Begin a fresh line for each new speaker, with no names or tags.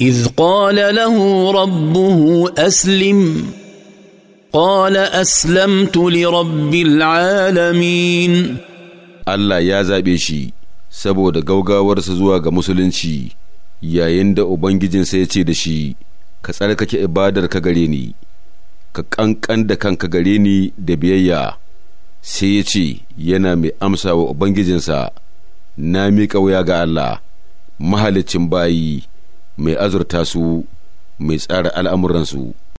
اذ
قال له ربه اسلم قال اسلمت لرب
العالمين الله يا zaɓe shi saboda gaugawarsa zuwa ga musulunci yayin da ubangijinsa ya ce da shi ka tsarkake ibadar ka gare ni ka ƙanƙan da kanka gare ni da biyayya sai ya ce yana mai amsa wa ubangijinsa na miƙa wuya ga Allah mahalicin bayi mai azurta su mai tsara al'amuransu